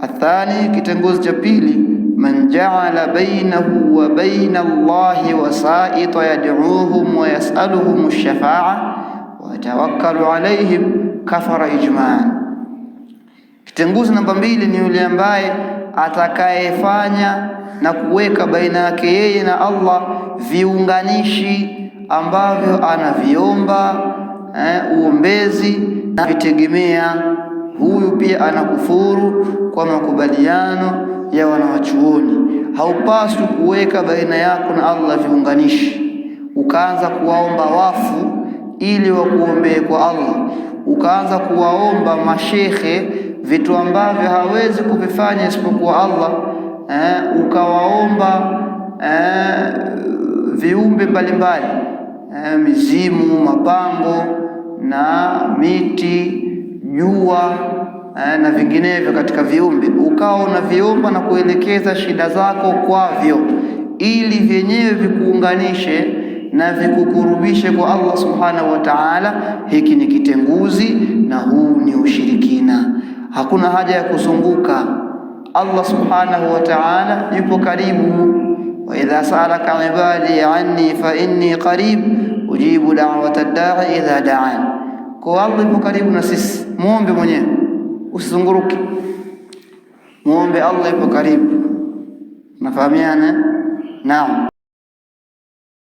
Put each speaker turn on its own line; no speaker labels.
Athani, kitenguzi cha pili, man jaala bainahu wa baina Allahi wasaita yad'uuhum wa yas'aluhum shafaa wa tawakkalu alayhim kafara ijmaan. Kitenguzi namba mbili ni yule ambaye atakayefanya na kuweka baina yake yeye na Allah viunganishi ambavyo anaviomba eh, uombezi na vitegemea Huyu pia anakufuru kwa makubaliano ya wanawachuoni. Haupaswi kuweka baina yako na Allah viunganishi, ukaanza kuwaomba wafu ili wakuombee kwa Allah, ukaanza kuwaomba mashekhe vitu ambavyo hawezi kuvifanya isipokuwa Allah. Eh, ukawaomba eh, viumbe mbalimbali eh, mizimu, mapango na miti jua eh, na vinginevyo katika viumbe, ukawa unaviomba na kuelekeza shida zako kwavyo, ili vyenyewe vikuunganishe na vikukurubishe kwa Allah subhanahu wa ta'ala. Hiki ni kitenguzi na huu ni ushirikina. Hakuna haja ya kuzunguka. Allah subhanahu wa ta'ala yupo karibu, wa idha salaka ibadi anni fa inni qarib ujibu da'wata da'i idha da'an kwa Allah yupo karibu na sisi, muombe mwenyewe, usizunguruke, muombe Allah yupo karibu. Nafahamiana? Naam.